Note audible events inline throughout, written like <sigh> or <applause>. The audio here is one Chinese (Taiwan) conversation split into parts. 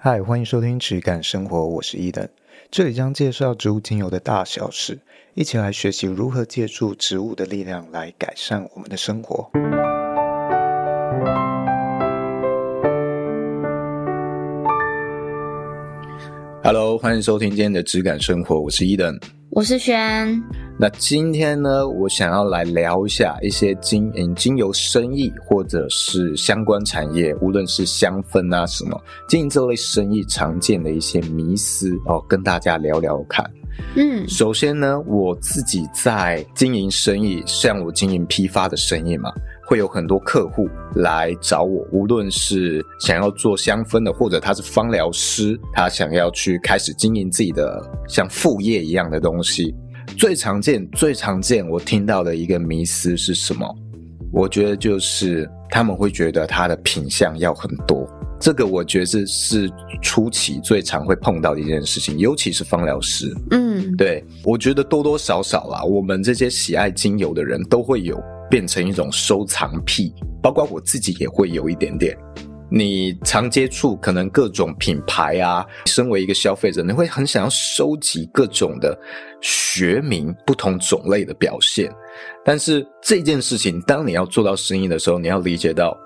嗨，歡迎收聽《質感生活》，我是伊登。這裡將介紹植物精油的大小事，一起來學習如何借助植物的力量來改善我們的生活。Hello，歡迎收聽今天的《質感生活》，我是伊登。我是軒，那今天呢，我想要來聊一下一些經營精油生意或者是相關產業，無論是香氛啊什麼，經營這類生意常見的一些迷思哦，跟大家聊聊看。嗯，首先呢，我自己在經營生意，像我經營批發的生意嘛。會有很多客戶來找我，無論是想要做香氛的，或者他是芳療師，他想要去開始經營自己的像副業一樣的東西。最常見、最常見，我聽到的一個迷思是什麼？我覺得就是他們會覺得他的品相要很多。這個我覺得是是初期最常會碰到的一件事情，尤其是芳療師。嗯，對，我覺得多多少少啦，我們這些喜愛精油的人都會有。變成一種收藏癖，包括我自己也會有一點點。你常接觸可能各種品牌啊，身為一個消費者，你會很想要收集各種的學名、不同種類的表現。但是這件事情，當你要做到生意的時候，你要理解到，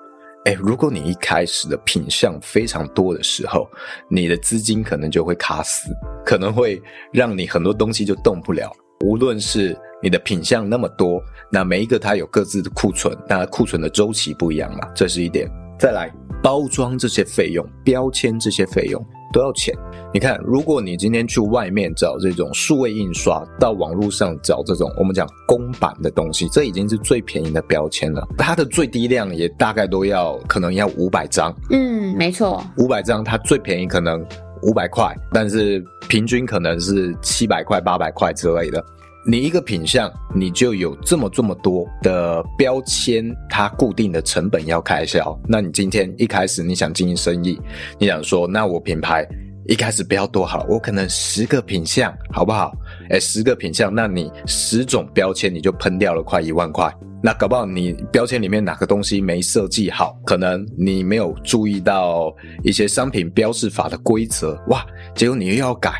哎、欸，如果你一開始的品項非常多的時候，你的資金可能就會卡死，可能會讓你很多東西就動不了。無論是你的品項那麼多，那每一個它有各自的庫存，那庫存的周期不一樣嘛。這是一點。再來包裝這些費用，標籤這些費用都要錢。你看，如果你今天去外面找這種數位印刷，到網絡上找這種我們講公版的東西，這已經是最便宜的標籤了。它的最低量也大概都要，可能要五百張。嗯，沒錯，五百張它最便宜可能。五百塊，但是平均可能是七百塊、八百塊之類的。你一個品項，你就有這麼這麼多的標籤，它固定的成本要開銷。那你今天一開始你想經營生意，你想說，那我品牌。一開始不要多好，我可能十個品項，好不好？哎、欸，十個品項，那你十種標籤，你就噴掉了快一萬塊。那搞不好你標籤裡面哪個東西沒設計好，可能你沒有注意到一些商品標示法的規則，哇，結果你又要改。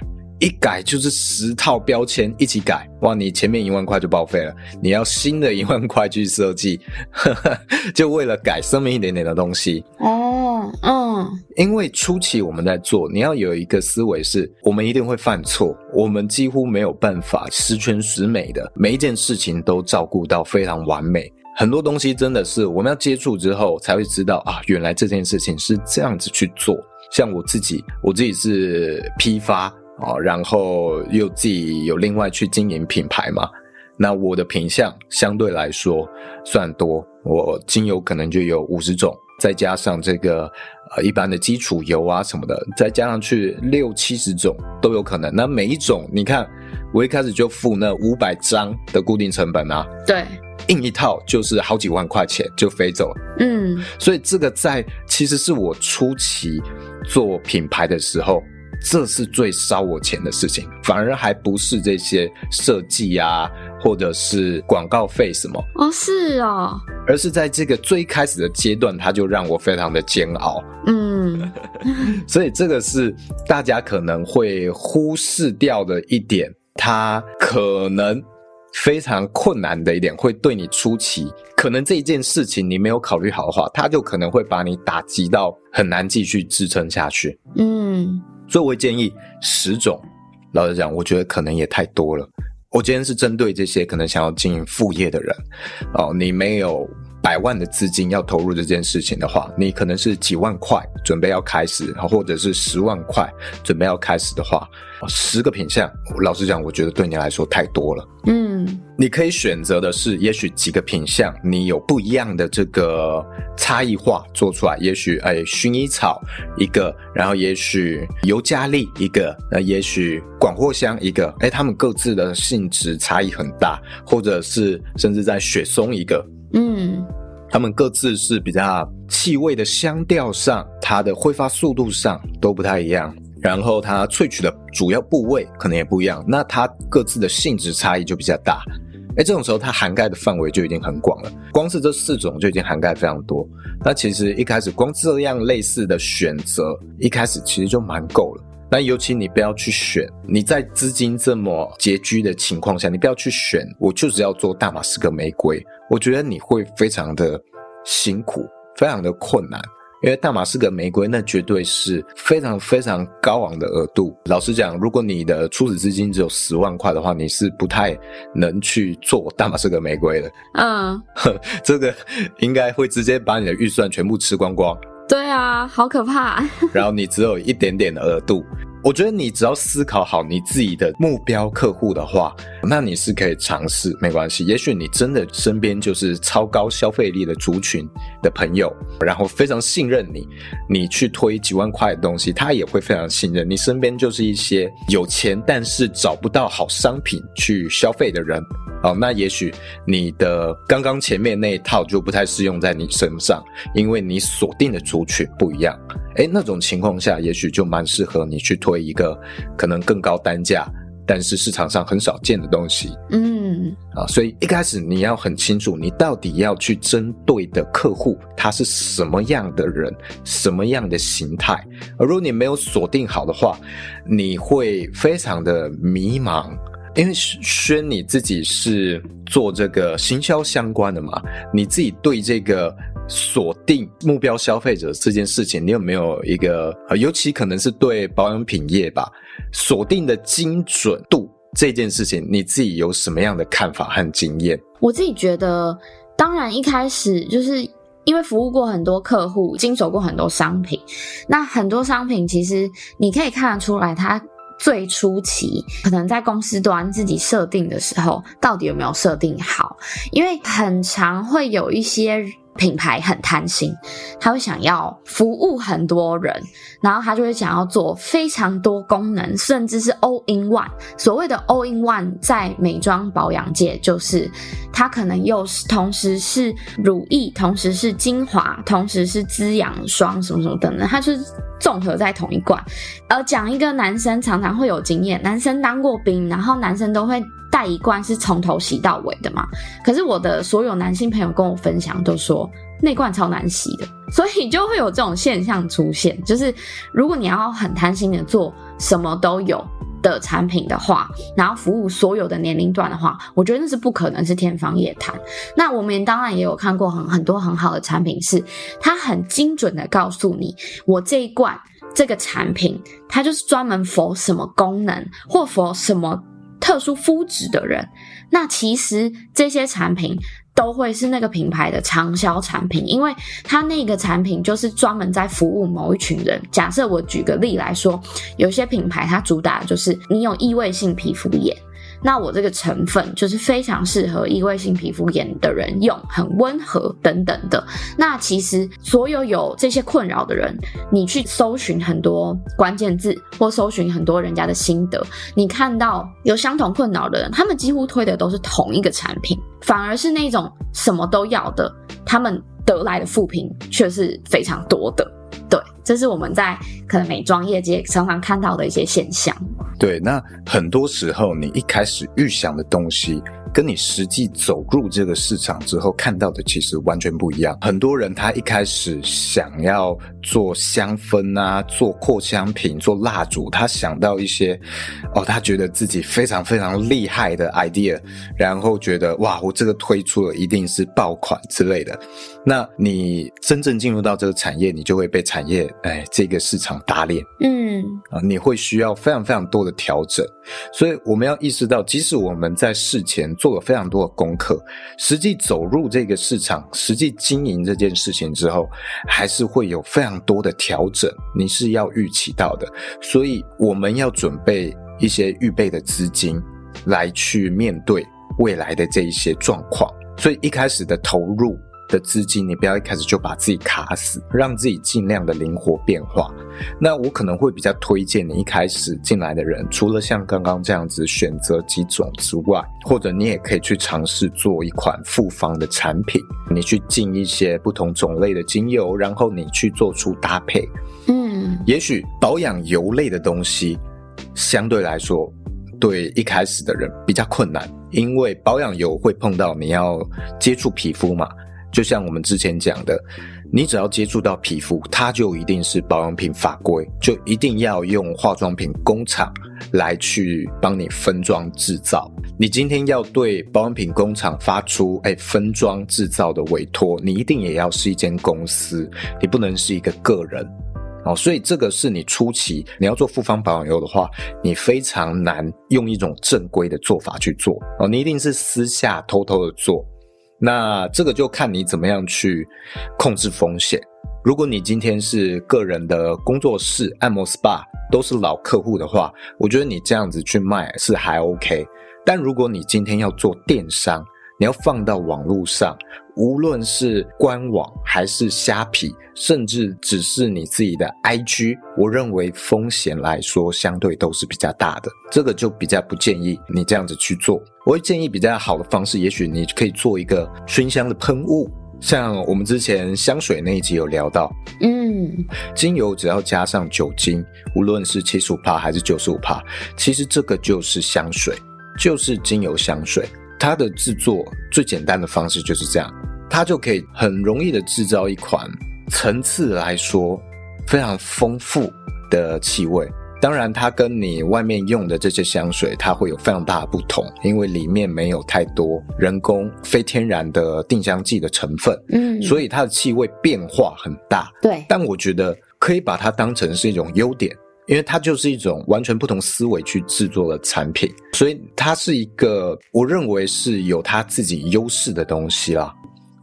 一改就是十套標籤一起改，哇！你前面一萬塊就報廢了，你要新的一萬塊去設計，呵呵，就為了改上面一點點的東西。哦，嗯，因為初期我們在做，你要有一個思維是，我們一定會犯錯，我們幾乎沒有辦法十全十美的，每一件事情都照顧到非常完美。很多東西真的是我們要接觸之後才會知道啊，原來這件事情是這樣子去做。像我自己，我自己是批發。哦，然後又自己有另外去經營品牌嘛？那我的品項相對來說算多，我精油可能就有五十種，再加上這個呃一般的基礎油啊什麼的，再加上去六七十種都有可能。那每一種你看，我一開始就付那五百張的固定成本啊，對，印一套就是好幾萬塊錢就飛走了。嗯，所以這個在其實是我初期做品牌的時候，這是最燒我錢的事情，反而還不是這些設計啊，或者是廣告費什麼。哦，是哦，而是在這個最開始的階段，它就讓我非常的煎熬。嗯， <laughs> 所以這個是大家可能會忽視掉的一點，它可能非常困難的一點，會對你出奇。可能這一件事情你沒有考慮好的話，它就可能會把你打擊到很難繼續支撐下去。嗯。所以我會建議十種，老實講，我覺得可能也太多了。我今天是針對這些可能想要經營副業的人，哦，你沒有。百萬的資金要投入這件事情的話，你可能是幾萬塊準備要開始或者是十萬塊準備要開始的話，十個品項，老實講，我覺得對你來說太多了。嗯，你可以選擇的是，也許幾個品項，你有不一樣的這個差異化做出來。也許哎，薰衣草一個，然後也許尤加利一個，那也許廣藿香一個，哎，他們各自的性質差異很大，或者是甚至在雪松一個。嗯，它們各自是比較氣味的香調上，它的揮發速度上都不太一樣，然後它萃取的主要部位可能也不一樣，那它各自的性質差異就比較大。哎、欸，這種時候它涵蓋的範圍就已經很廣了，光是這四種就已經涵蓋非常多。那其實一開始光這樣類似的選擇，一開始其實就蠻夠了。那尤其你不要去選，你在資金這麼拮據的情況下，你不要去選。我就是要做大馬士革玫瑰，我覺得你會非常的辛苦，非常的困難。因為大馬士革玫瑰那絕對是非常非常高昂的額度。老實講，如果你的初始資金只有十萬塊的話，你是不太能去做大馬士革玫瑰的。嗯，uh，這個應該會直接把你的預算全部吃光光。對啊，好可怕。 <laughs> 然後你只有一點點的額度。我覺得你只要思考好你自己的目標客戶的話，那你是可以嘗試，沒關係。也許你真的身邊就是超高消費力的族群的朋友，然後非常信任你，你去推幾萬塊的東西，他也會非常信任你。身邊就是一些有錢但是找不到好商品去消費的人，好、哦，那也許你的剛剛前面那一套就不太適用在你身上，因為你鎖定的族群不一樣。哎，那種情況下，也許就蠻適合你去推一個可能更高單價，但是市場上很少見的東西。嗯，啊，所以一開始你要很清楚，你到底要去針對的客戶他是什麼樣的人，什麼樣的形態。而如果你沒有鎖定好的話，你會非常的迷茫。因為宣你自己是做這個行銷相關的嘛，你自己對這個。鎖定目標消費者這件事情，你有沒有一個，尤其可能是對保養品業吧，鎖定的精準度這件事情，你自己有什麼樣的看法和經驗？我自己覺得，當然一開始就是因為服務過很多客戶，經手過很多商品，那很多商品其實你可以看得出來，它最初期可能在公司端自己設定的時候，到底有沒有設定好，因為很常會有一些。品牌很貪心，他會想要服務很多人，然後他就會想要做非常多功能，甚至是 all in one。所謂的 all in one，在美妝保養界就是，它可能又是同時是乳液，同時是精華，同時是滋養霜，什麼什麼等等，它就是綜合在同一罐。而講一個男生常常會有經驗，男生當過兵，然後男生都會。帶一罐是從頭洗到尾的嘛。可是我的所有男性朋友跟我分享都說，那罐超難洗的，所以就會有這種現象出現，就是如果你要很貪心的做什麼都有的產品的話，然後服務所有的年齡段的話，我覺得那是不可能，是天方夜譚。那我們當然也有看過很很多很好的產品是，是它很精準的告訴你，我這一罐這個產品它就是專門 for 什麼功能或 for 什麼特殊膚質的人，那其實這些產品都會是那個品牌的暢銷產品，因為它那個產品就是專門在服務某一群人。假設我舉個例來說，有些品牌它主打就是你有異位性皮膚炎。那我這個成分就是非常適合異位性皮膚炎的人用，很溫和等等的。那其實所有有這些困擾的人，你去搜尋很多關鍵字，或搜尋很多人家的心得，你看到有相同困擾的人，他們幾乎推的都是同一個產品，反而是那種什麼都要的，他們得來的負評卻是非常多的。對，這是我們在可能美妝業界常常看到的一些現象。對，那很多時候你一開始預想的東西，跟你實際走入這個市場之後看到的，其實完全不一樣。很多人他一開始想要做香氛啊，做擴香品，做蠟燭，他想到一些，哦，他覺得自己非常非常厲害的 idea，然後覺得哇，我這個推出了一定是爆款之類的。那你真正進入到這個產業，你就會被產業，哎，這個市場打臉，嗯啊，你會需要非常非常多的調整，所以我們要意識到，即使我們在事前做了非常多的功課，實際走入這個市場，實際經營這件事情之後，還是會有非常多的調整，你是要預期到的，所以我們要準備一些預備的資金，來去面對未來的這一些狀況，所以一開始的投入，的資金，你不要一開始就把自己卡死，讓自己盡量的靈活變化。那我可能會比較推薦你一開始進來的人，除了像剛剛這樣子選擇幾種之外，或者你也可以去嘗試做一款複方的產品，你去進一些不同種類的精油，然後你去做出搭配。嗯，也許保養油類的東西相對來說對一開始的人比較困難，因為保養油會碰到你要接觸皮膚嘛。就像我們之前講的，你只要接觸到皮膚，它就一定是保養品法規，就一定要用化妝品工廠來去幫你分裝制造。你今天要對保養品工廠發出哎、欸、分裝制造的委托，你一定也要是一間公司，你不能是一個個人哦。所以這個是你初期你要做複方保養油的話，你非常難用一種正規的做法去做哦，你一定是私下偷偷的做。那這個就看你怎麼樣去控制風險。如果你今天是個人的工作室，按摩 SPA 都是老客戶的話，我覺得你這樣子去賣是還 OK。但如果你今天要做電商，你要放到網絡上。無論是官網還是蝦皮，甚至只是你自己的 IG，我認為風險來說相對都是比較大的，這個就比較不建議你這樣子去做。我會建議比較好的方式，也許你可以做一個燻香的噴霧，像我們之前香水那一集有聊到，嗯，精油只要加上酒精，無論是七十五趴還是九十五趴，其實這個就是香水，就是精油香水。它的製作最簡單的方式就是這樣，它就可以很容易的製造一款層次來說非常豐富的氣味。當然，它跟你外面用的這些香水，它會有非常大的不同，因為裡面沒有太多人工非天然的定香劑的成分，嗯，所以它的氣味變化很大。對，但我覺得可以把它當成是一種優點。因為它就是一種完全不同思維去製作的產品，所以它是一個我認為是有它自己優勢的東西啦。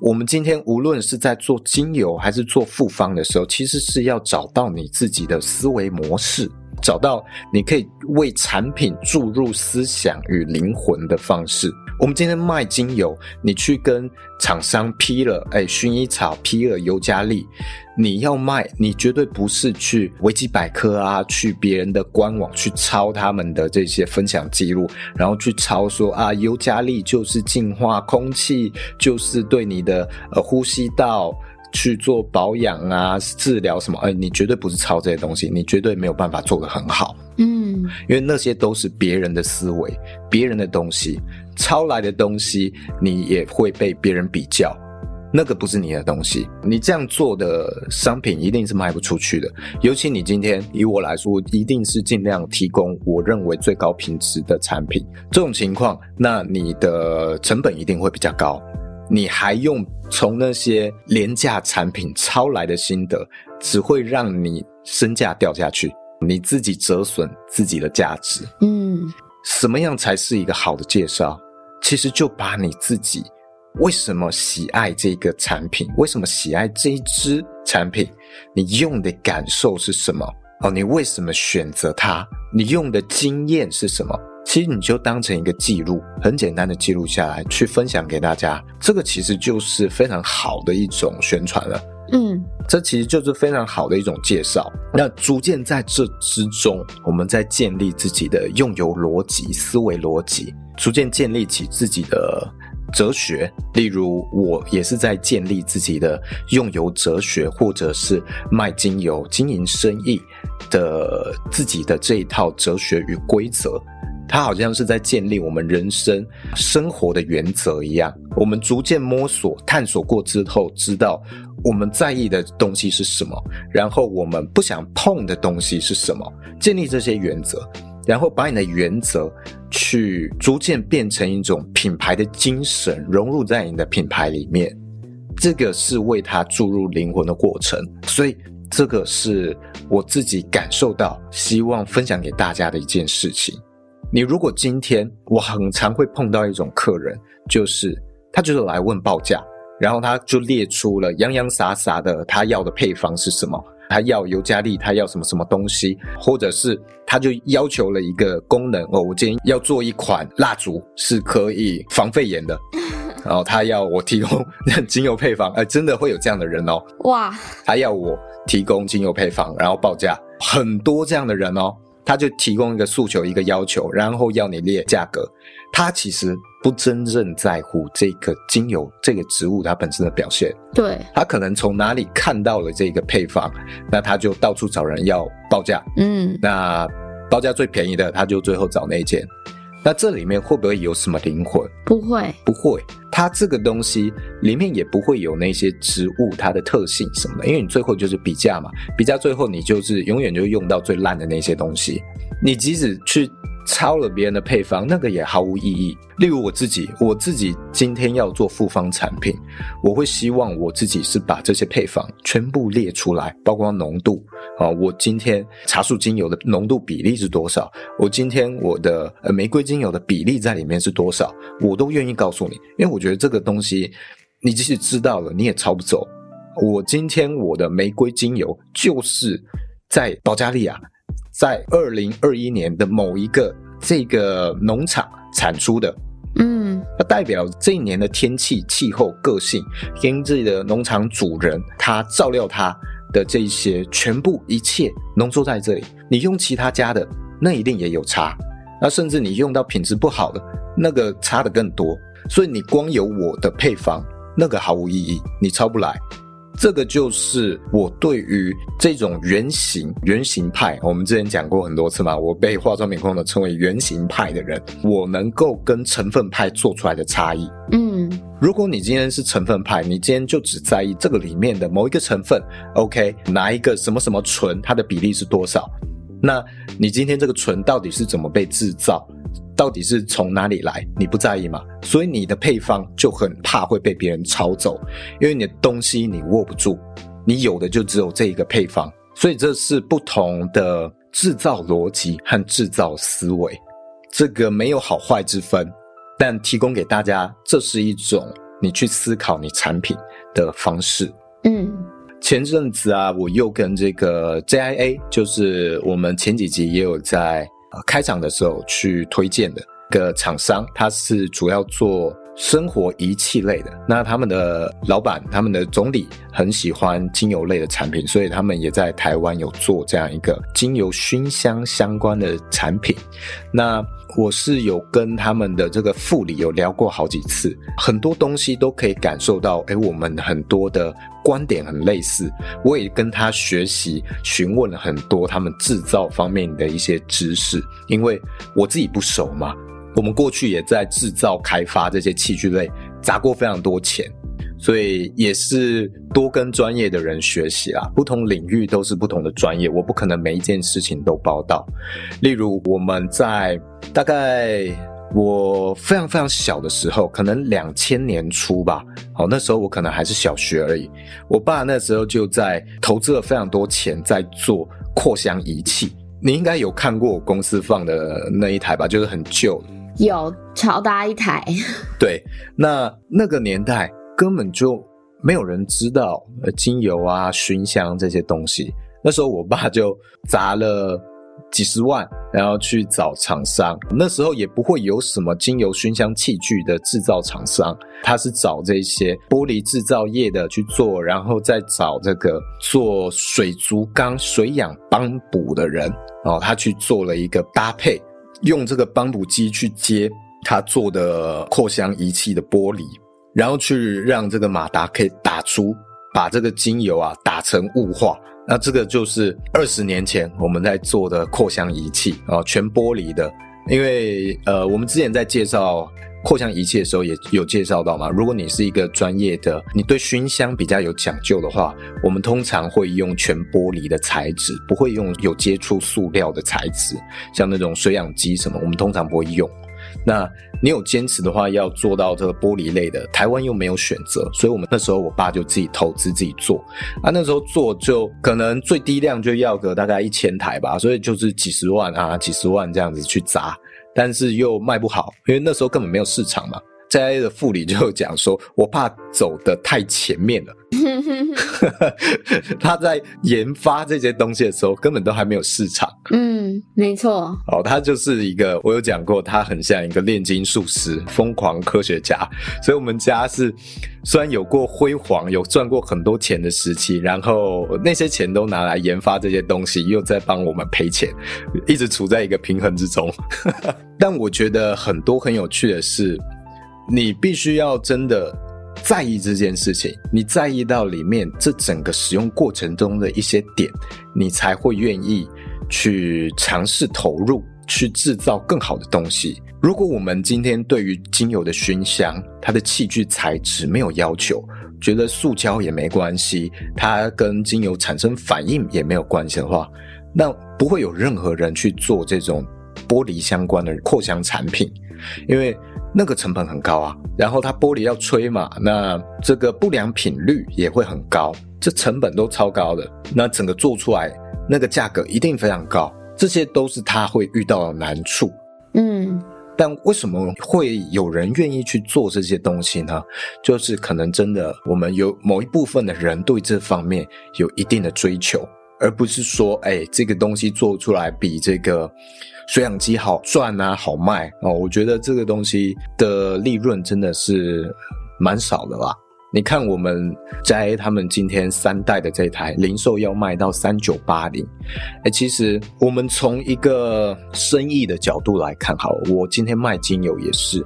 我們今天無論是在做精油還是做複方的時候，其實是要找到你自己的思維模式。找到你可以為產品注入思想與靈魂的方式。我們今天賣精油，你去跟廠商批了，誒薰衣草批了尤加利，你要賣，你絕對不是去維基百科啊，去別人的官網去抄他們的這些分享記錄，然後去抄說啊，尤加利就是淨化空氣，就是對你的呃呼吸道，去做保養啊，治療什麼？哎、欸，你絕對不是抄這些東西，你絕對沒有辦法做得很好。嗯，因為那些都是別人的思維，別人的東西，抄來的東西，你也會被別人比較。那個不是你的東西，你這樣做的商品一定是賣不出去的。尤其你今天以我來說，一定是盡量提供我認為最高品質的產品。這種情況，那你的成本一定會比較高。你還用從那些廉價產品抄來的心得，只會讓你身價掉下去，你自己折損自己的價值。嗯，什麼樣才是一個好的介紹？其實就把你自己為什麼喜愛這個產品，為什麼喜愛這一支產品，你用的感受是什麼？哦，你為什麼選擇它？你用的經驗是什麼？其實你就當成一個記錄，很簡單的記錄下來，去分享給大家，這個其實就是非常好的一種宣傳了。嗯，這其實就是非常好的一種介紹。那逐漸在這之中，我們在建立自己的用油邏輯、思維邏輯，逐漸建立起自己的哲學。例如，我也是在建立自己的用油哲學，或者是賣精油、經營生意的自己的這一套哲學與規則。它好像是在建立我們人生生活的原則一樣，我們逐漸摸索探索過之後，知道我們在意的東西是什麼，然後我們不想碰的東西是什麼，建立這些原則，然後把你的原則去逐漸變成一種品牌的精神，融入在你的品牌裡面，這個是為它注入靈魂的過程。所以這個是我自己感受到，希望分享給大家的一件事情。你如果今天，我很常會碰到一種客人，就是他就是來問報價，然後他就列出了洋洋灑灑的他要的配方是什麼，他要尤加利，他要什麼什麼東西，或者是他就要求了一個功能哦，我今天要做一款蠟燭是可以防肺炎的，然後他要我提供精油配方，哎，真的會有這樣的人哦，哇，他要我提供精油配方，然後報價，很多這樣的人哦。他就提供一個訴求，一個要求，然後要你列價格。他其實不真正在乎這個精油、這個植物它本身的表現。對，他可能從哪裡看到了這個配方，那他就到處找人要報價。嗯，那報價最便宜的，他就最後找那一間。那這裡面會不會有什麼靈魂？不會，不會。它這個東西裡面也不會有那些植物它的特性什麼的，因為你最後就是比價嘛，比價最後你就是永遠就用到最爛的那些東西，你即使去。抄了別人的配方，那個也毫無意義。例如我自己，我自己今天要做複方產品，我會希望我自己是把這些配方全部列出來，包括濃度啊、哦，我今天茶樹精油的濃度比例是多少，我今天我的玫瑰精油的比例在裡面是多少，我都願意告訴你，因為我覺得這個東西，你即使知道了，你也抄不走。我今天我的玫瑰精油就是在保加利亞。在二零二一年的某一個這個農場產出的，嗯，它代表這一年的天氣氣候個性，跟自己的農場主人他照料他的這一些，全部一切濃縮在這裡。你用其他家的，那一定也有差。那甚至你用到品質不好的，那個差的更多。所以你光有我的配方，那個毫無意義，你抄不來。這個就是我對於這種原型原型派，我們之前講過很多次嘛。我被化妝品控的稱為原型派的人，我能夠跟成分派做出來的差異。嗯，如果你今天是成分派，你今天就只在意這個裡面的某一個成分，OK，拿一個什麼什麼醇，它的比例是多少？那你今天這個醇到底是怎麼被製造？到底是從哪裡來？你不在意嗎？所以你的配方就很怕會被別人抄走，因為你的東西你握不住，你有的就只有這一個配方。所以這是不同的制造邏輯和制造思維，這個沒有好壞之分，但提供給大家，這是一種你去思考你產品的方式。嗯，前陣子啊，我又跟這個 JIA，就是我們前幾集也有在。開場的時候去推薦的一個廠商，他是主要做生活儀器類的。那他們的老板、他們的總理很喜歡精油類的產品，所以他們也在台灣有做這樣一個精油熏香相關的產品。那我是有跟他們的這個副理有聊過好幾次，很多東西都可以感受到。誒，我們很多的。觀點很類似，我也跟他學習，詢問了很多他們製造方面的一些知識，因為我自己不熟嘛。我們過去也在製造開發這些器具類，砸過非常多錢，所以也是多跟專業的人學習啦。不同領域都是不同的專業，我不可能每一件事情都報道。例如我們在大概。我非常非常小的時候，可能兩千年初吧，好、哦，那時候我可能還是小學而已。我爸那時候就在投資了非常多錢，在做擴香儀器。你應該有看過我公司放的那一台吧？就是很舊，有超大一台。 <laughs> 對，那那個年代根本就沒有人知道精油啊、熏香這些東西。那時候我爸就砸了。幾十萬，然後去找廠商。那時候也不會有什麼精油熏香器具的制造廠商，他是找這些玻璃制造業的去做，然後再找這個做水族缸水氧幫補的人，然後、哦、他去做了一個搭配，用這個幫補機去接他做的擴香儀器的玻璃，然後去讓這個馬達可以打出，把這個精油啊打成霧化。那這個就是二十年前我們在做的擴香儀器啊，全玻璃的。因為呃，我們之前在介紹擴香儀器的時候也有介紹到嘛。如果你是一個專業的，你對熏香比較有講究的話，我們通常會用全玻璃的材質，不會用有接觸塑料的材質，像那種水氧機什麼，我們通常不會用。那你有堅持的話，要做到這個玻璃類的，台灣又沒有選擇，所以我們那時候我爸就自己投資自己做。啊，那時候做就可能最低量就要個大概一千台吧，所以就是幾十萬啊，幾十萬這樣子去砸，但是又賣不好，因為那時候根本沒有市場嘛。ja 的副理就講說：“我怕走得太前面了 <laughs> <laughs> ”他在研發這些東西的時候，根本都還沒有市場。嗯，沒錯。哦，他就是一個，我有講過，他很像一個煉金術師、瘋狂科學家。所以，我們家是雖然有過輝煌、有賺過很多錢的時期，然後那些錢都拿來研發這些東西，又在幫我們賠錢，一直處在一個平衡之中。但我覺得很多很有趣的是。你必須要真的在意這件事情，你在意到裡面這整個使用過程中的一些點，你才會願意去嘗試投入，去製造更好的東西。如果我們今天對於精油的熏香，它的器具材質沒有要求，覺得塑膠也沒關係，它跟精油產生反應也沒有關係的話，那不會有任何人去做這種玻璃相關的擴香產品，因為，那個成本很高啊，然後它玻璃要吹嘛，那這個不良品率也會很高，這成本都超高的，那整個做出來那個價格一定非常高，這些都是他會遇到的難處。嗯，但為什麼會有人願意去做這些東西呢？就是可能真的我們有某一部分的人對這方面有一定的追求。而不是說，哎，這個東西做出來比這個水氧機好賺啊，好賣哦，我覺得這個東西的利潤真的是蠻少的啦。你看，我們 JIA 他們今天三代的這台零售要賣到三九八零，哎，其實我們從一個生意的角度來看，好了，我今天賣精油也是，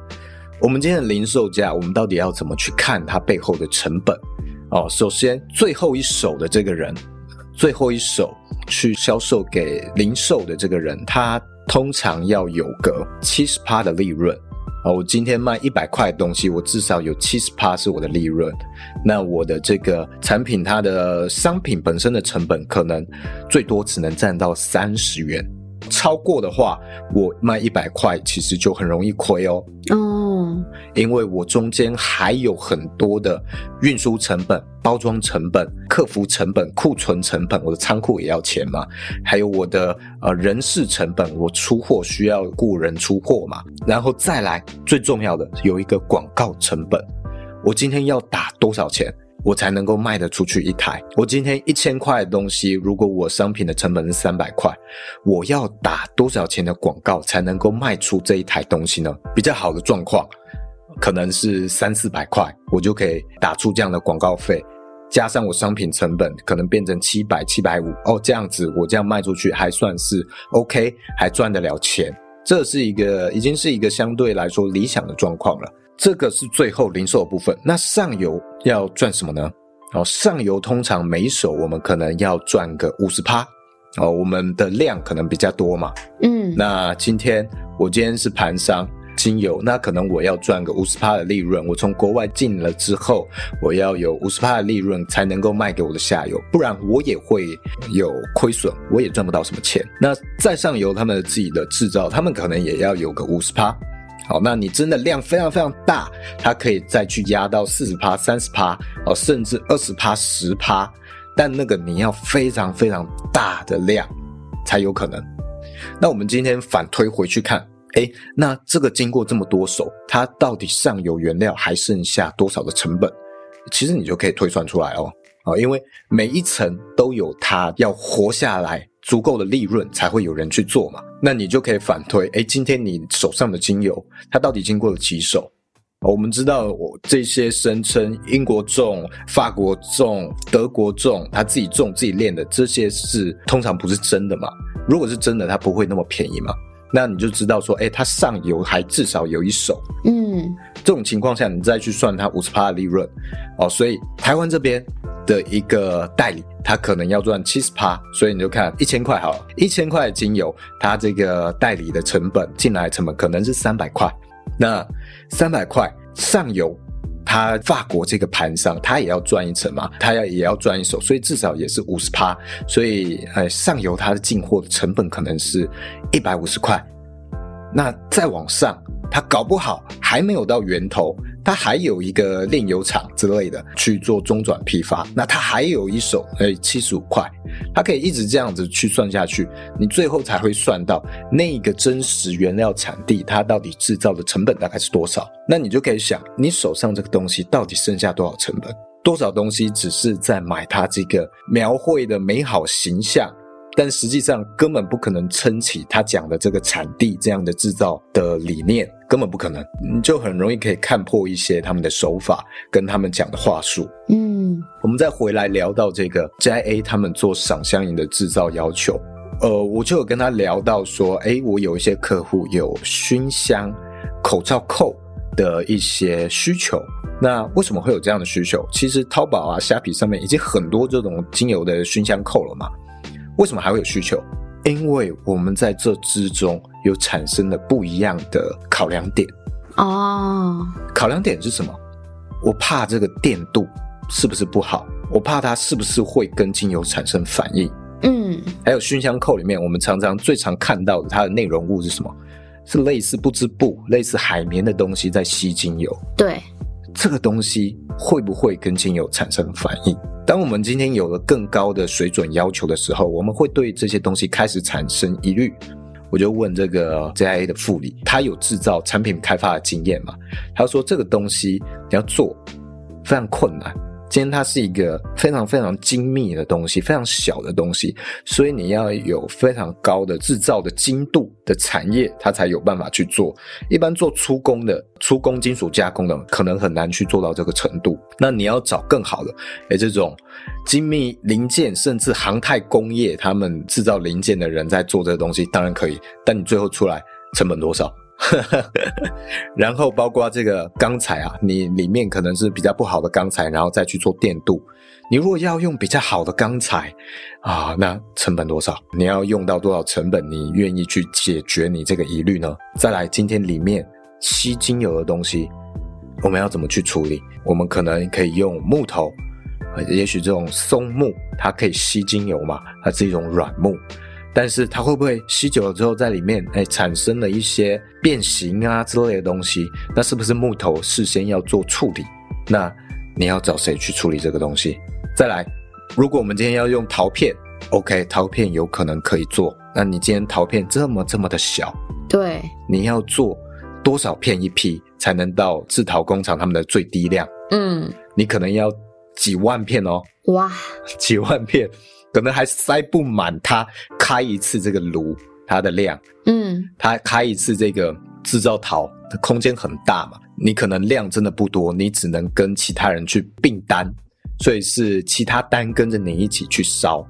我們今天的零售價，我們到底要怎麼去看它背後的成本？哦，首先，最後一手的這個人。最後一手去銷售給零售的這個人，他通常要有個七十趴的利潤。我今天賣一百塊的東西，我至少有七十趴是我的利潤。那我的這個產品，它的商品本身的成本可能最多只能占到三十元，超過的話，我賣一百塊其實就很容易虧哦。嗯。因為我中間還有很多的運輸成本、包裝成本、客服成本、庫存成本，我的倉庫也要錢嘛，還有我的呃人事成本，我出貨需要雇人出貨嘛，然後再來最重要的有一個廣告成本，我今天要打多少錢，我才能夠賣得出去一台？我今天一千塊的東西，如果我商品的成本是三百塊，我要打多少錢的廣告才能夠賣出這一台東西呢？比較好的狀況。可能是三四百塊，我就可以打出這樣的廣告費，加上我商品成本，可能變成七百七百五哦，這樣子我這樣賣出去還算是 OK，還賺得了錢，這是一個已經是一個相對來說理想的狀況了。這個是最後零售的部分，那上游要賺什麼呢？哦，上游通常每手我們可能要賺個五十趴，哦，我們的量可能比較多嘛，嗯，那今天我今天是盤商。精油那可能我要賺個五十趴的利潤，我從國外進了之後，我要有五十趴的利潤才能夠賣給我的下游，不然我也會有虧損，我也賺不到什麼錢。那再上游他們自己的制造，他們可能也要有個五十趴。好，那你真的量非常非常大，它可以再去壓到四十趴、三十趴，哦，甚至二十趴、十趴，但那個你要非常非常大的量才有可能。那我們今天反推回去看。哎，那這個經過這麼多手，它到底上游原料還剩下多少的成本？其實你就可以推算出來哦。啊，因為每一層都有它要活下來足夠的利潤，才會有人去做嘛。那你就可以反推，哎，今天你手上的精油，它到底經過了幾手？我們知道，我這些聲稱英國種、法國種、德國種，他自己種自己煉的這些是通常不是真的嘛？如果是真的，它不會那麼便宜嘛。那你就知道說，哎、欸，它上游還至少有一手，嗯，這種情況下，你再去算它五十趴的利潤，哦，所以台灣這邊的一個代理，他可能要賺七十趴，所以你就看一千塊好了，一千塊的精油，它這個代理的成本進來成本可能是三百塊，那三百塊上游。他法國這個盤商，他也要賺一層嘛，他要也要賺一手，所以至少也是五十趴。所以，呃，上游它的進貨的成本可能是一百五十塊。那再往上，他搞不好還沒有到源頭。它還有一個煉油廠之類的去做中轉批發，那它還有一手，哎，七十五塊，它可以一直這樣子去算下去，你最後才會算到那一個真實原料產地它到底製造的成本大概是多少？那你就可以想，你手上這個東西到底剩下多少成本？多少東西只是在買它這個描繪的美好形象，但實際上根本不可能撐起他講的這個產地這樣的製造的理念。根本不可能，你就很容易可以看破一些他們的手法跟他們講的話術。嗯，我們再回來聊到這個 JIA 他們做賞香儀的製造要求，呃，我就有跟他聊到說，哎、欸，我有一些客戶有熏香口罩扣的一些需求，那為什麼會有這樣的需求？其實淘寶啊、蝦皮上面已經很多這種精油的熏香扣了嘛，為什麼還會有需求？因為我們在這之中有產生了不一樣的考量點，哦，考量點是什麼？我怕這個電鍍是不是不好？我怕它是不是會跟精油產生反應？嗯，還有熏香扣裡面，我們常常最常看到的它的內容物是什麼？是類似不織布、類似海綿的東西在吸精油。對，這個東西會不會跟精油產生反應？當我們今天有了更高的水準要求的時候，我們會對這些東西開始產生疑慮。我就問這個 JIA 的副理，他有製造產品開發的經驗嗎？他說這個東西你要做，非常困難。今天它是一個非常非常精密的東西，非常小的東西，所以你要有非常高的制造的精度的產業，它才有辦法去做。一般做粗工的、粗工金屬加工的，可能很難去做到這個程度。那你要找更好的，誒、欸、這種精密零件，甚至航太工業，他們制造零件的人在做這個東西，當然可以，但你最後出來成本多少？ <laughs> 然後包括這個鋼材啊，你裡面可能是比較不好的鋼材，然後再去做電鍍。你如果要用比較好的鋼材啊，那成本多少？你要用到多少成本？你願意去解決你這個疑慮呢？再來，今天裡面吸精油的東西，我們要怎麼去處理？我們可能可以用木頭，也許這種松木，它可以吸精油嘛，它是一種軟木。但是它會不會吸久了之後，在裡面哎、欸、產生了一些變形啊之類的東西？那是不是木頭事先要做處理？那你要找誰去處理這個東西？再來，如果我們今天要用陶片，OK，陶片有可能可以做。那你今天陶片這麼這麼的小，對，你要做多少片一批才能到制陶工廠他們的最低量？嗯，你可能要幾萬片哦。哇，幾萬片可能還塞不滿它。開一次這個爐，它的量，嗯，它開一次這個製造陶，空間很大嘛，你可能量真的不多，你只能跟其他人去併單，所以是其他單跟着你一起去燒。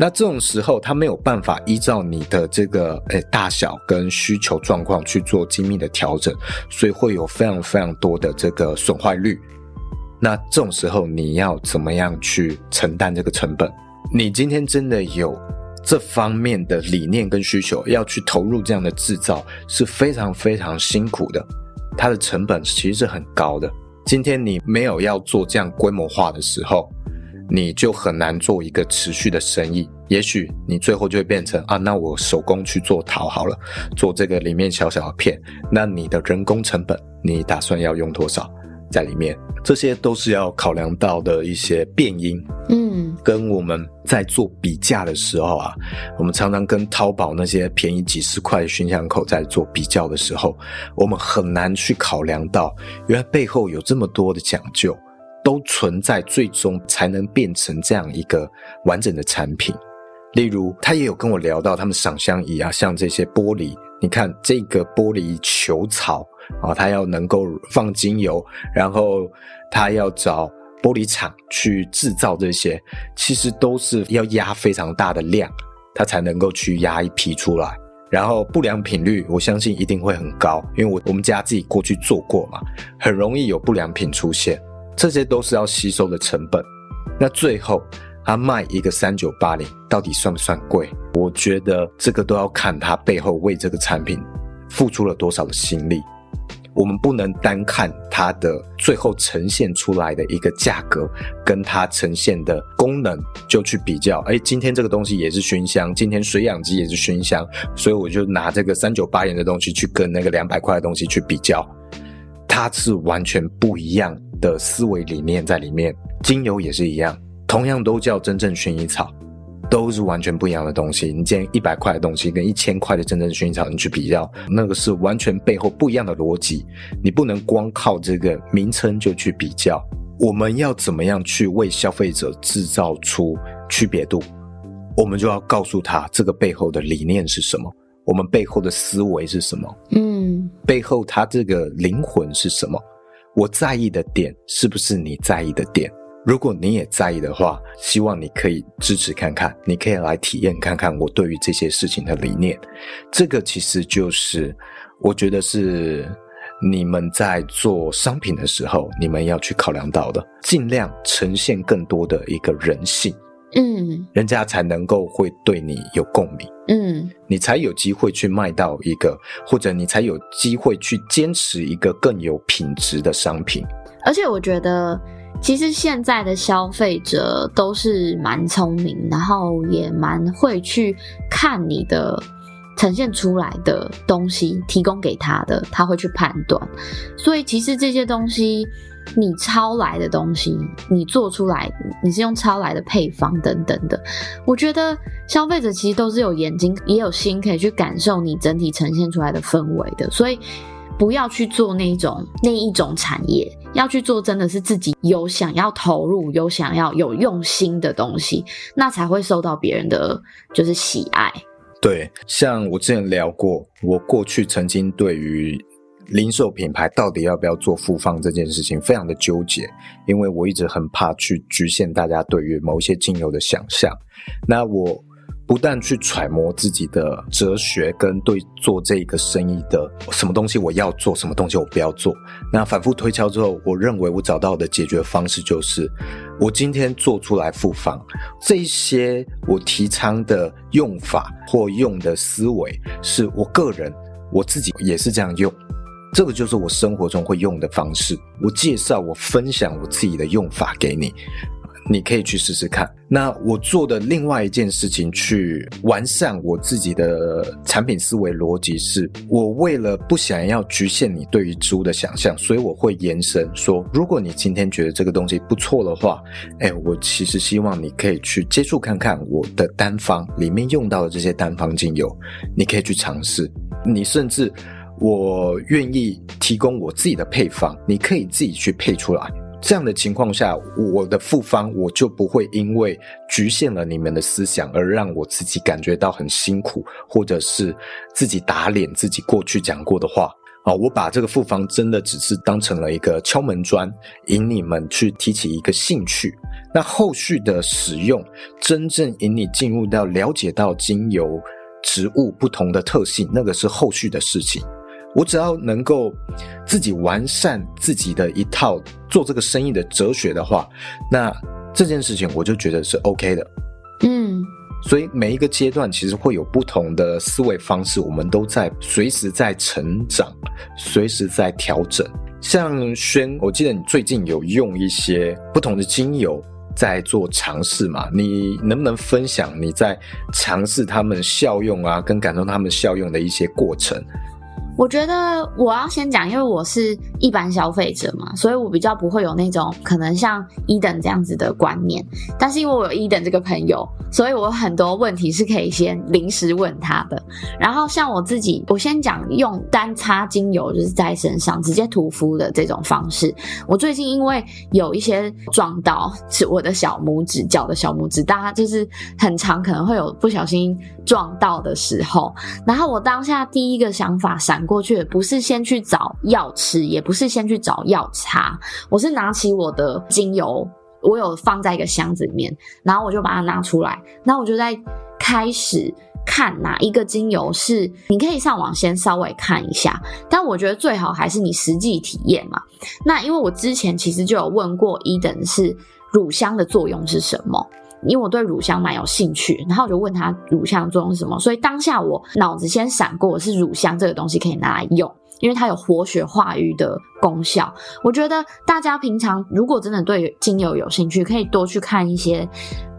那這種時候，它沒有辦法依照你的這個誒、欸、大小跟需求狀況去做精密的調整，所以會有非常非常多的這個損壞率。那這種時候，你要怎麼樣去承擔這個成本？你今天真的有？這方面的理念跟需求，要去投入這樣的制造是非常非常辛苦的，它的成本其實是很高的。今天你沒有要做這樣規模化的時候，你就很難做一個持續的生意。也許你最後就會變成啊，那我手工去做陶好了，做這個裡面小小的片，那你的人工成本你打算要用多少？在裡面，這些都是要考量到的一些變因。嗯，跟我們在做比價的時候啊，我們常常跟淘寶那些便宜幾十塊的熏香扣在做比較的時候，我們很難去考量到原來背後有這麼多的講究，都存在最終才能變成這樣一個完整的產品。例如，他也有跟我聊到他們賞香儀啊，像這些玻璃，你看這個玻璃球槽。啊，他要能夠放精油，然後他要找玻璃廠去製造這些，其實都是要壓非常大的量，他才能夠去壓一批出來。然後不良品率，我相信一定會很高，因為我我們家自己過去做過嘛，很容易有不良品出現。這些都是要吸收的成本。那最後他賣一個3980，到底算不算貴？我覺得這個都要看他背後為這個產品付出了多少的心力。我們不能單看它的最後呈現出來的一個價格，跟它呈現的功能就去比較。哎，今天這個東西也是熏香，今天水氧機也是熏香，所以我就拿這個三九八元的東西去跟那個兩百塊的東西去比較，它是完全不一樣的思維理念在裡面。精油也是一樣，同樣都叫真正薰衣草，都是完全不一樣的東西。你今天一百塊的東西跟一千塊的真正薰衣草，你去比較，那個是完全背後不一樣的邏輯。你不能光靠這個名稱就去比較。我們要怎麼樣去為消費者制造出區別度？我們就要告訴他這個背後的理念是什麼，我們背後的思維是什麼，嗯，背後他這個靈魂是什麼？我在意的點是不是你在意的點？如果你也在意的話，希望你可以支持看看，你可以來體驗看看我對於這些事情的理念。這個其實就是，我覺得是，你們在做商品的時候，你們要去考量到的，盡量呈現更多的一個人性，嗯，人家才能夠會對你有共鳴，嗯，你才有機會去賣到一個，或者你才有機會去堅持一個更有品質的商品。而且我覺得。其實現在的消費者都是蠻聰明，然後也蠻會去看你的呈現出來的東西，提供給他的，他會去判斷。所以其實這些東西，你抄來的東西，你做出來，你是用抄來的配方等等的，我覺得消費者其實都是有眼睛，也有心可以去感受你整體呈現出來的氛圍的。所以。不要去做那一種那一種產業，要去做真的是自己有想要投入，有想要有用心的東西，那才會受到別人的就是喜愛。對，像我之前聊過，我過去曾經對於零售品牌到底要不要做複方這件事情非常的糾結，因為我一直很怕去局限大家對於某一些精油的想象。那我。不但去揣摩自己的哲學，跟對做這一個生意的什麼東西我要做，什麼東西我不要做。那反覆推敲之後，我認為我找到的解決方式就是，我今天做出來複方這一些我提倡的用法或用的思維，是我個人我自己也是這樣用。這個就是我生活中會用的方式。我介紹，我分享我自己的用法給你。你可以去試試看。那我做的另外一件事情，去完善我自己的產品思維邏輯是，是我為了不想要局限你對於植物的想象，所以我會延伸說，如果你今天覺得這個東西不錯的話，哎，我其實希望你可以去接觸看看我的單方裡面用到的這些單方精油，你可以去嘗試。你甚至我願意提供我自己的配方，你可以自己去配出來。這樣的情況下，我的複方我就不會，因為侷限了你們的思想而讓我自己感覺到很辛苦，或者是自己打臉自己過去講過的話啊！哦，我把這個複方真的只是當成了一個敲門磚，引你們去提起一個興趣。那後續的使用，真正引你進入到了解到精油植物不同的特性，那個是後續的事情。我只要能夠自己完善自己的一套做這個生意的哲學的話，那這件事情我就覺得是 OK 的。嗯，所以每一個階段其實會有不同的思維方式，我們都在隨時在成長，隨時在調整。像軒，我記得你最近有用一些不同的精油在做嘗試嘛？你能不能分享你在嘗試他們效用啊，跟感受他們效用的一些過程？我覺得我要先講，因為我是一般消費者嘛，所以我比較不會有那種可能像一等這樣子的觀念。但是因為我有一等這個朋友，所以我有很多問題是可以先臨時問他的。然後像我自己，我先講用單擦精油，就是在身上直接塗敷的這種方式。我最近因為有一些撞到，是我的小拇指，腳的小拇指，大家就是很常，可能會有不小心撞到的時候。然後我當下第一個想法閃。過去不是先去找藥吃，也不是先去找藥擦，我是拿起我的精油，我有放在一個箱子裡面，然後我就把它拿出來，那我就在開始看哪一個精油是，你可以上網先稍微看一下，但我覺得最好還是你實際體驗嘛。那因為我之前其實就有問過一等是乳香的作用是什麼？因為我對乳香蠻有興趣，然後我就問他乳香作用是什麼，所以當下我腦子先閃過是乳香這個東西可以拿來用，因為它有活血化瘀的功效。我覺得大家平常如果真的對精油有興趣，可以多去看一些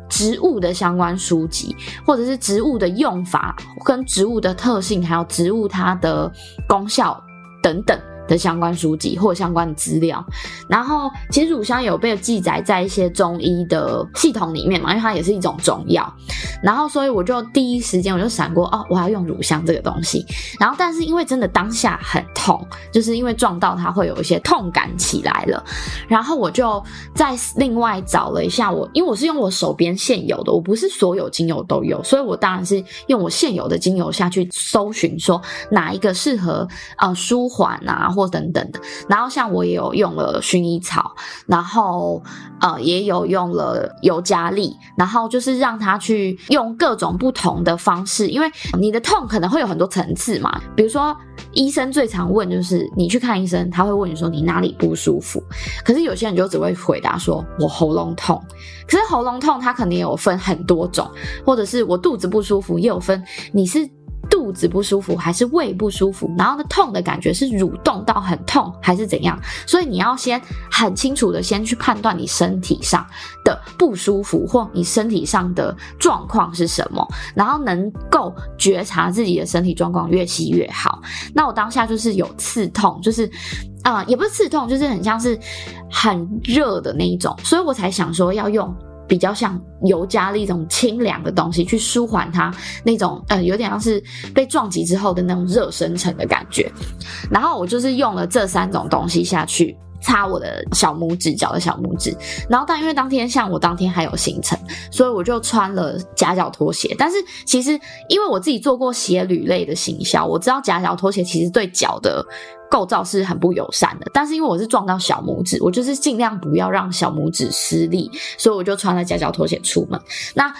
植物的相關書籍，或者是植物的用法、跟植物的特性，還有植物它的功效等等。的相關書籍或相關的資料，然後其實乳香有被記載在一些中醫的系統裡面嘛，因為它也是一種中藥，然後所以我就第一時間我就閃過哦、喔，我要用乳香這個東西，然後但是因為真的當下很痛，就是因為撞到它會有一些痛感起來了，然後我就再另外找了一下我，因為我是用我手邊現有的，我不是所有精油都有，所以我當然是用我現有的精油下去搜尋說哪一個適合、呃、舒緩啊。或等等的，然後像我也有用了薰衣草，然後呃也有用了尤加利，然後就是讓他去用各種不同的方式，因為你的痛可能會有很多層次嘛。比如說醫生最常問就是你去看醫生，他會問你說你哪裡不舒服，可是有些人就只會回答說我喉嚨痛，可是喉嚨痛它肯定也有分很多種，或者是我肚子不舒服，也有分你是。肚子不舒服還是胃不舒服？然後呢，痛的感覺是蠕動到很痛還是怎樣？所以你要先很清楚的先去判斷你身體上的不舒服或你身體上的狀況是什麼，然後能夠覺察自己的身體狀況越細越好。那我當下就是有刺痛，就是啊、呃，也不是刺痛，就是很像是很熱的那一種，所以我才想說要用。比較像油加了一種清涼的東西，去舒緩它那種，呃，有點像是被撞擊之後的那種熱生成的感覺。然後我就是用了這三種東西下去。擦我的小拇指，腳的小拇指。然後，但因為當天像我當天還有行程，所以我就穿了夾腳拖鞋。但是其實，因為我自己做過鞋履類的行銷，我知道夾腳拖鞋其實對腳的構造是很不友善的。但是因為我是撞到小拇指，我就是盡量不要讓小拇指施力，所以我就穿了夾腳拖鞋出門。那。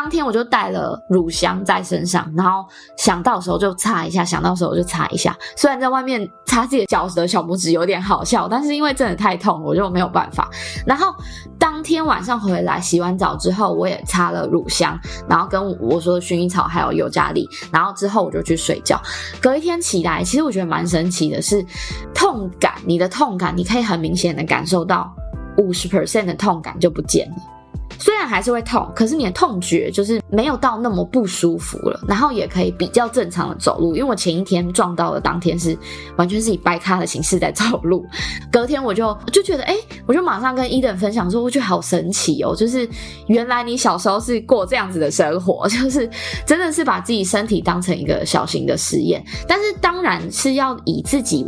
當天我就帶了乳香在身上，然後想到時候就擦一下，想到時候就擦一下。雖然在外面擦自己腳趾的小拇指有點好笑，但是因為真的太痛，我就沒有辦法。然後當天晚上回來洗完澡之後，我也擦了乳香，然後跟我，我說的薰衣草還有尤加利。然後之後我就去睡覺。隔一天起來，其實我覺得蠻神奇的是，是痛感，你的痛感你可以很明顯的感受到50，五十 percent 的痛感就不見了。雖然還是會痛，可是你的痛覺就是沒有到那麼不舒服了，然後也可以比較正常的走路。因為我前一天撞到的當天是完全是以掰開的形式在走路，隔天我就就覺得，哎、欸，我就馬上跟伊 n 分享說，我覺得好神奇哦、喔，就是原來你小時候是過這樣子的生活，就是真的是把自己身體當成一個小型的實驗，但是當然是要以自己。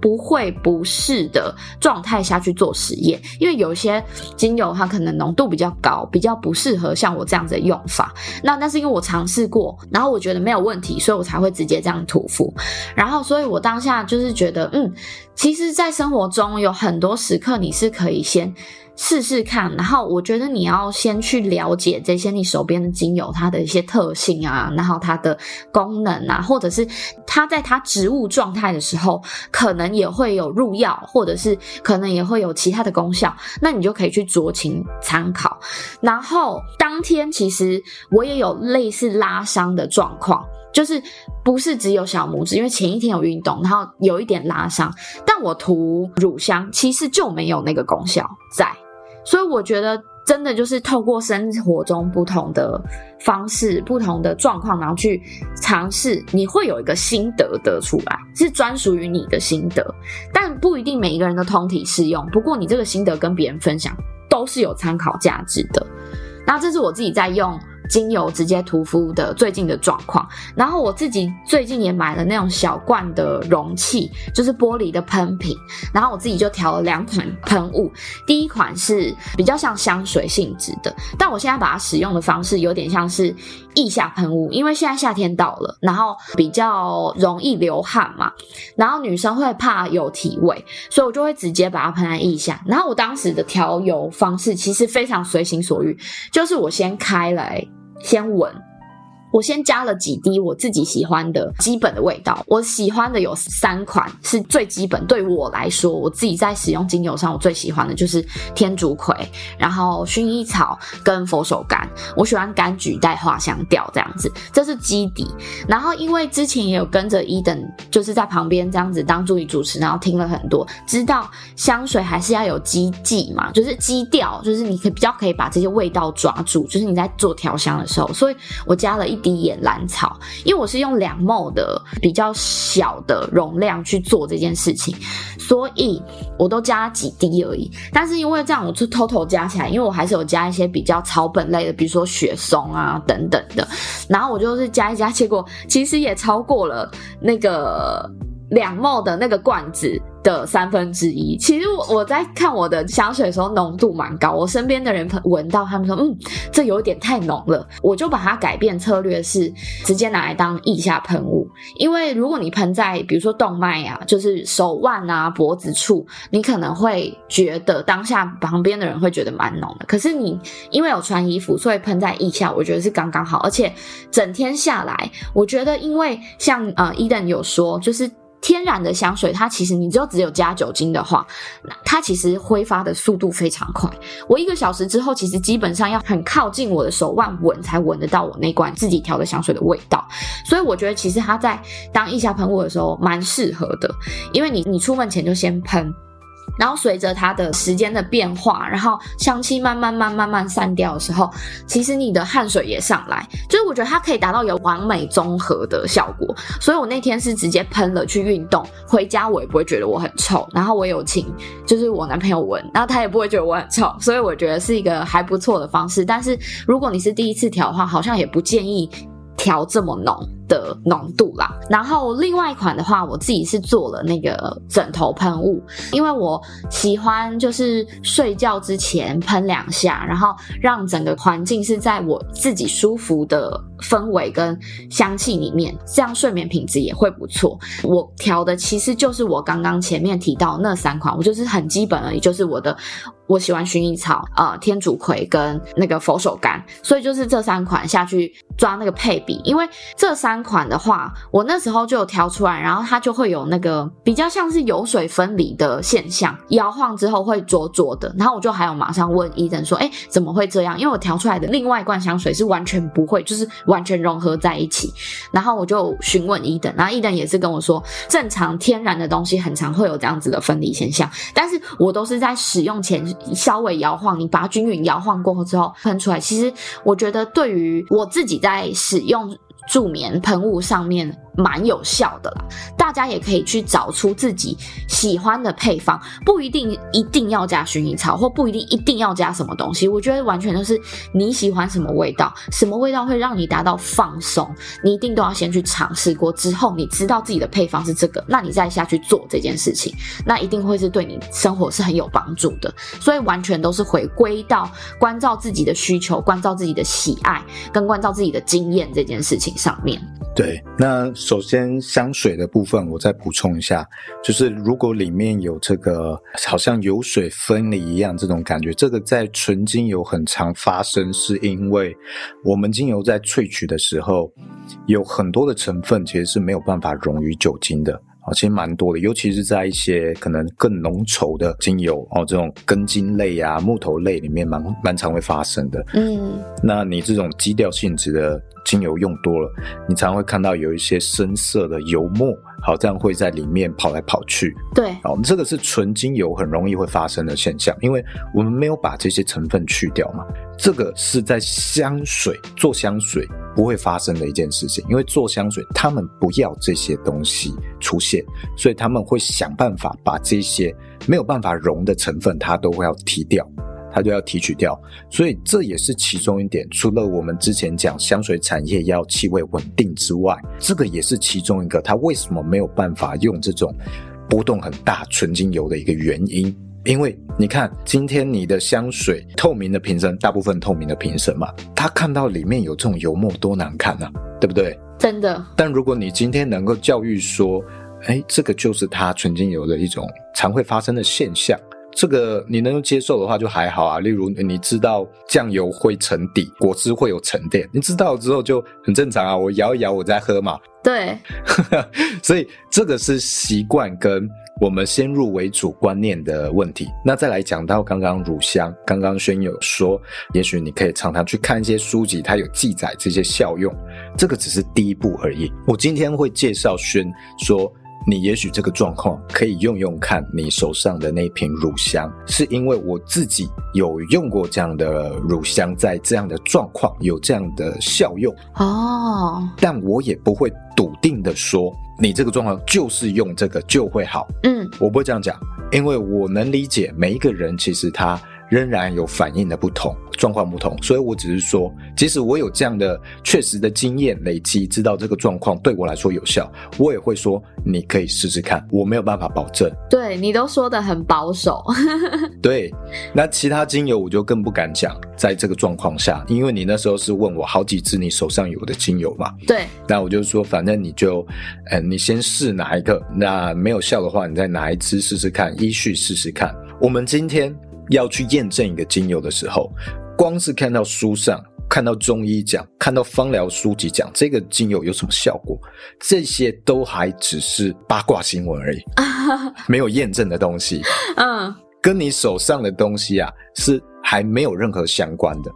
不會不適的狀態下去做實驗，因為有些精油它可能濃度比較高，比較不適合像我這樣子的用法。那，但是因為我嘗試過，然後我覺得沒有問題，所以我才會直接這樣塗敷。然後，所以我當下就是覺得，嗯，其實，在生活中有很多時刻你是可以先。試試看，然後我覺得你要先去了解這些你手邊的精油，它的一些特性啊，然後它的功能啊，或者是它在它植物狀態的時候，可能也會有入藥，或者是可能也會有其他的功效，那你就可以去酌情參考。然後當天其實我也有類似拉傷的狀況，就是不是只有小拇指，因為前一天有運動，然後有一點拉傷，但我塗乳香其實就沒有那個功效在。所以我覺得，真的就是透過生活中不同的方式，不同的狀況，然後去嘗試，你會有一個心得得出來，是專屬於你的心得，但不一定每一個人都通體適用。不過你這個心得跟別人分享，都是有參考價值的。那這是我自己在用。精油直接塗敷的最近的狀況，然後我自己最近也買了那種小罐的容器，就是玻璃的噴瓶，然後我自己就調了兩款噴霧，第一款是比較像香水性質的，但我現在把它使用的方式有點像是腋下噴霧，因為現在夏天到了，然後比較容易流汗嘛，然後女生會怕有體味，所以我就會直接把它噴在腋下，然後我當時的調油方式其實非常隨心所欲，就是我先開來。先穩。我先加了幾滴我自己喜歡的基本的味道。我喜歡的有三款是最基本，對我來說，我自己在使用精油上，我最喜歡的就是天竺葵，然後薰衣草跟佛手柑。我喜歡柑橘帶花香調這樣子，這是基底。然後因為之前也有跟着一等，就是在旁邊這樣子當助理主持，然後聽了很多，知道香水還是要有基劑嘛，就是基調，就是你可比較可以把這些味道抓住，就是你在做調香的時候，所以我加了一。一滴依蘭草，因為我是用 2ml 的比較小的容量去做這件事情，所以我都加了幾滴而已。但是因為這樣，我就偷偷加起來，因為我還是有加一些比較草本類的，比如說雪松啊等等的。然後我就是加一加，結果其實也超過了那個 2ml 的那個罐子的三分之一，其實我我在看我的香水的時候，濃度蠻高。我身邊的人聞到，他們說，嗯，這有點太濃了。我就把它改變策略，是直接拿來當腋下噴霧。因為如果你噴在，比如說動脈啊，就是手腕啊、脖子處，你可能會覺得當下旁邊的人會覺得蠻濃的。可是你因為有穿衣服，所以噴在腋下，我覺得是剛剛好。而且整天下來，我覺得因為像，呃，伊旦有說，就是。天然的香水，它其實你就只有加酒精的話，那它其實揮發的速度非常快。我一個小時之後，其實基本上要很靠近我的手腕聞，才聞得到我那罐自己調的香水的味道。所以我覺得其實它在當腋下噴霧的時候蠻適合的，因為你你出門前就先噴。然後隨着它的時間的變化，然後香氣慢慢慢慢慢散掉的時候，其實你的汗水也上來，就是我覺得它可以達到一個完美綜合的效果。所以我那天是直接噴了去運動，回家我也不會覺得我很臭。然後我有請，就是我男朋友聞，然後他也不會覺得我很臭。所以我覺得是一個還不錯的方式。但是如果你是第一次調的話，好像也不建議調這麼濃。的濃度啦，然後另外一款的話，我自己是做了那個枕頭噴霧，因為我喜歡就是睡覺之前噴兩下，然後讓整個環境是在我自己舒服的氛圍跟香氣裡面，這樣睡眠品質也會不錯。我調的其實就是我剛剛前面提到那三款，我就是很基本而已，就是我的我喜歡薰衣草、呃天竺葵跟那個佛手柑，所以就是這三款下去抓那個配比，因為這三。款的話，我那時候就有調出來，然後它就會有那個比較像是油水分離的現象，搖晃之後會濁濁的。然後我就還有馬上問伊登說，哎，怎麼會這樣？因為我調出來的另外一罐香水是完全不會，就是完全融合在一起。然後我就詢問伊登，然後伊登也是跟我說，正常天然的東西很常會有這樣子的分離現象，但是我都是在使用前稍微搖晃，你把它均勻搖晃過後之後噴出來。其實我覺得對於我自己在使用。助眠噴霧上面。蠻有效的啦，大家也可以去找出自己喜歡的配方，不一定一定要加薰衣草，或不一定一定要加什麼東西。我覺得完全都是你喜歡什麼味道，什麼味道會讓你達到放鬆，你一定都要先去嘗試過之後，你知道自己的配方是這個，那你再下去做這件事情，那一定會是對你生活是很有幫助的。所以完全都是回歸到關照自己的需求、關照自己的喜愛跟關照自己的經驗這件事情上面。對，那。首先，香水的部分我再補充一下，就是如果裡面有這個好像油水分離一樣這種感覺，這個在純精油很常發生，是因為我們精油在萃取的時候，有很多的成分其實是沒有辦法溶於酒精的。哦，其實蠻多的，尤其是在一些可能更濃稠的精油哦，這種根莖類啊、木頭類裡面蠻蠻常會發生的。嗯，那你這種基調性質的精油用多了，你常常會看到有一些深色的油墨好像會在裡面跑來跑去。對，我們、哦、這個是純精油很容易會發生的現象，因為我們沒有把這些成分去掉嘛。這個是在香水做香水。不會發生的一件事情，因為做香水，他們不要這些東西出現，所以他們會想辦法把這些沒有辦法溶的成分，它都會要提掉，它都要提取掉。所以這也是其中一點。除了我們之前講香水產業要氣味穩定之外，這個也是其中一個。它為什麼沒有辦法用這種波動很大純精油的一個原因？因為你看，今天你的香水透明的瓶身，大部分透明的瓶身嘛，他看到裡面有這種油墨，多難看吶、啊，對不對？真的。但如果你今天能夠教育說，誒、欸、這個就是它純精油的一種常會發生的現象，這個你能接受的話就還好啊。例如你知道醬油會沉底，果汁會有沉澱，你知道了之後就很正常啊。我搖一搖，我再喝嘛。對。 <laughs> 所以這個是習慣跟。我們先入為主觀念的問題，那再來講到剛剛乳香，剛剛萱有說，也許你可以常常去看一些書籍，它有記載這些效用，這個只是第一步而已。我今天會介紹萱說，你也許這個狀況可以用用看，你手上的那一瓶乳香，是因為我自己有用過這樣的乳香，在這樣的狀況有這樣的效用哦，但我也不會。篤定地說：“你這個狀況就是用這個就會好。”嗯，我不會這樣講，因為我能理解每一個人，其實他。仍然有反應的不同，狀況不同，所以我只是說，即使我有這樣的確實的經驗累積，知道這個狀況對我來說有效，我也會說，你可以試試看，我沒有辦法保證。對，你都說得很保守。 <laughs> 對，那其他精油我就更不敢講，在這個狀況下，因為你那時候是問我好幾支你手上有的精油嘛。對。那我就說，反正你就，嗯、呃，你先試哪一個，那沒有效的話，你再拿一支試試看，依序試試看。我們今天，要去驗證一個精油的時候，光是看到書上、看到中醫講、看到芳療書籍講，這個精油有什麼效果，這些都還只是八卦新聞而已， <laughs> 沒有驗證的東西。嗯，跟你手上的東西啊，是還沒有任何相關的。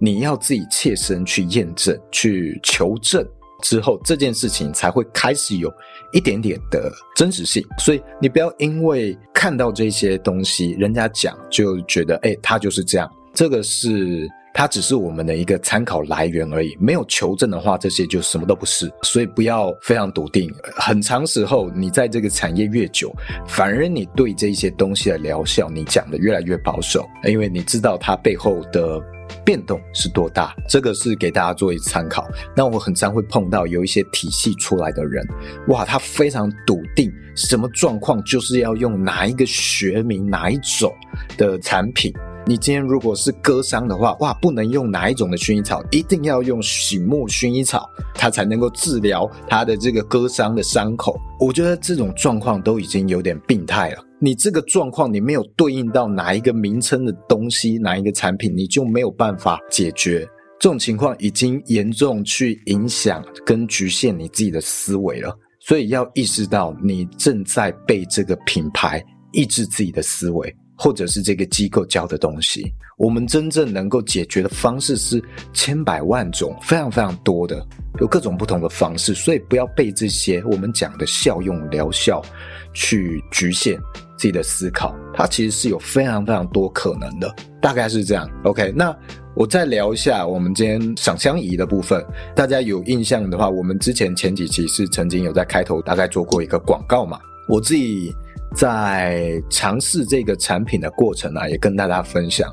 你要自己切身去驗證，去求證。之後這件事情才會開始有一點點的真實性，所以你不要因為看到這些東西，人家講就覺得，哎，它就是這樣。這個是它只是我們的一個參考來源而已,沒有求證的話，這些就什麼都不是。所以不要非常篤定。很長時候，你在這個產業越久，反而你對這些東西的療效，你講得越來越保守，因為你知道它背後的。變動是多大？這個是給大家作為參考。那我們很常會碰到有一些體系出來的人，哇，他非常篤定，什麼狀況就是要用哪一個學名哪一種的產品。你今天如果是割傷的話，哇，不能用哪一種的薰衣草，一定要用醒目薰衣草，它才能夠治療它的這個割傷的傷口。我覺得這種狀況都已經有點病態了。你這個狀況，你沒有對應到哪一個名稱的東西，哪一個產品，你就沒有辦法解決。這種情況已經嚴重去影響跟局限你自己的思維了。所以要意識到，你正在被這個品牌抑制自己的思維。或者是這個機構教的東西，我們真正能夠解決的方式是千百萬種，非常非常多的，有各種不同的方式，所以不要被這些我們講的效用療效去局限自己的思考，它其實是有非常非常多可能的，大概是這樣。OK，那我再聊一下我們今天賞香儀的部分，大家有印象的話，我們之前前幾期是曾經有在開頭大概做過一個廣告嘛，我自己。在嘗試這個產品的過程啊，也跟大家分享，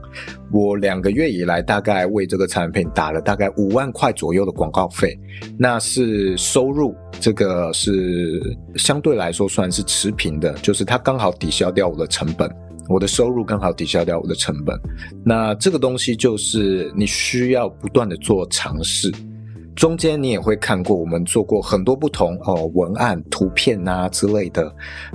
我兩個月以來大概為這個產品打了大概五萬塊左右的廣告費，那是收入，這個是相對來說算是持平的，就是它剛好抵消掉我的成本，我的收入剛好抵消掉我的成本，那這個東西就是你需要不斷的做嘗試。中間你也會看過，我們做過很多不同哦，文案、圖片啊之類的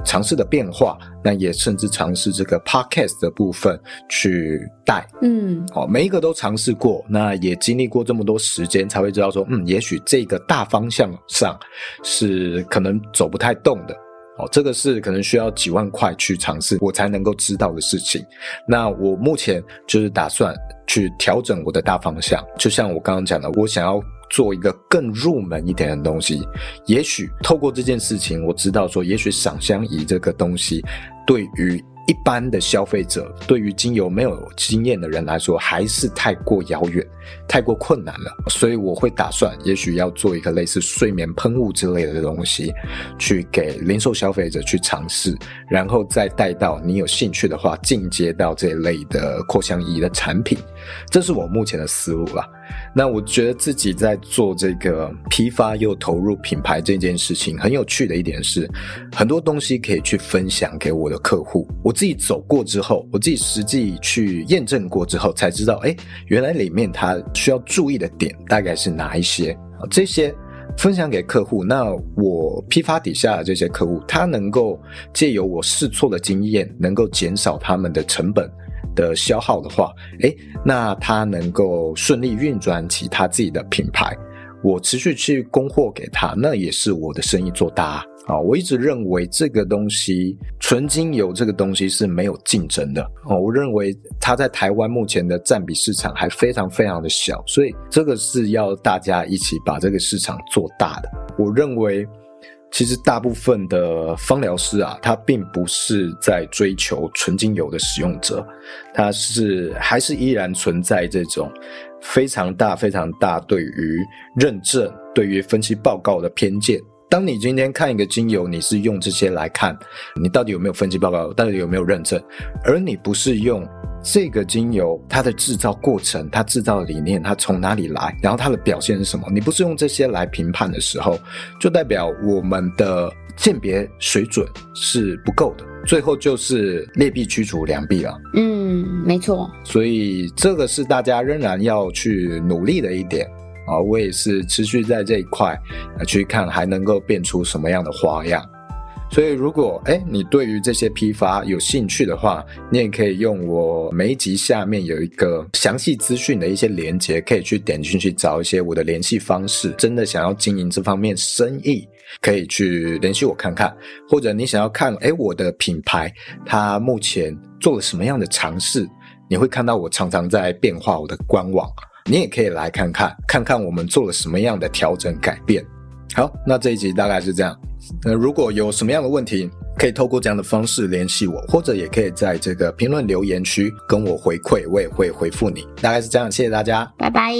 嘗試的變化。那也甚至嘗試這個 Podcast 的部分去帶，嗯，哦，每一個都嘗試過。那也經歷過這麼多時間，才會知道說，嗯，也許這個大方向上是可能走不太動的。哦，這個是可能需要幾萬塊去嘗試，我才能夠知道的事情。那我目前就是打算去調整我的大方向，就像我剛剛講的，我想要。做一個更入門一點的東西，也許透過這件事情，我知道說，也許賞香儀這個東西，對於一般的消費者，對於精油沒有經驗的人來說，還是太過遙遠，太過困難了。所以我會打算，也許要做一個類似睡眠噴霧之類的東西，去給零售消費者去嘗試，然後再帶到你有興趣的話，進階到這一類的擴香儀的產品。這是我目前的思路了。那我覺得自己在做這個批發又投入品牌這件事情，很有趣的一點是，很多東西可以去分享給我的客戶。我自己走過之後，我自己實際去驗證過之後，才知道，哎，原來裡面它需要注意的點大概是哪一些。這些分享給客戶，那我批發底下的這些客戶，他能夠借由我試錯的經驗，能夠減少他們的成本。的消耗的話，誒、欸，那他能夠順利運轉起他自己的品牌，我持續去供貨給他，那也是我的生意做大啊。哦、我一直認為這個東西純精油這個東西是沒有競爭的哦，我認為他在台灣目前的佔比市場還非常非常的小，所以這個是要大家一起把這個市場做大的。我認為。其實大部分的芳療師啊，他並不是在追求純精油的使用者，他是還是依然存在這種非常大、非常大對於認證、對於分析報告的偏見。當你今天看一個精油，你是用這些來看你到底有沒有分析報告，到底有沒有認證，而你不是用。這個精油它的製造過程、它製造的理念、它從哪裡來，然後它的表現是什麼？你不是用這些來評判的時候，就代表我們的鑑別水準是不夠的。最後就是劣幣驅逐良幣了。嗯，沒錯。所以這個是大家仍然要去努力的一點啊！我也是持續在這一塊啊去看，還能夠變出什麼樣的花樣。所以，如果哎、欸，你對於這些批發有興趣的話，你也可以用我每一集下面有一個詳細資訊的一些連結，可以去點進去找一些我的聯繫方式。真的想要經營這方面生意，可以去聯繫我看看。或者你想要看哎、欸，我的品牌，它目前做了什麼樣的嘗試，你會看到我常常在變化我的官網，你也可以來看看，看看我們做了什麼樣的調整改變。好，那這一集大概是這樣。那，呃，如果有什麼樣的問題，可以透過這樣的方式聯繫我，或者也可以在這個評論留言區跟我回饋，我也會回復你。大概是這樣，謝謝大家，拜拜。